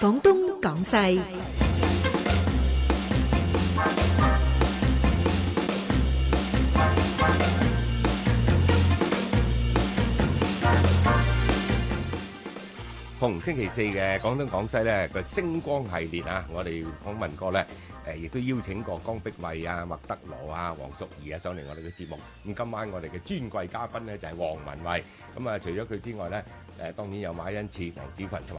廣東廣西，逢星期四嘅廣東廣西咧個星光系列啊！我哋訪問過咧，誒亦都邀請過江碧惠啊、麥德羅啊、黃淑儀啊上嚟我哋嘅節目。咁今晚我哋嘅尊貴嘉賓咧就係黃文慧。咁啊，除咗佢之外咧，誒當然有馬恩賜、黃子群同。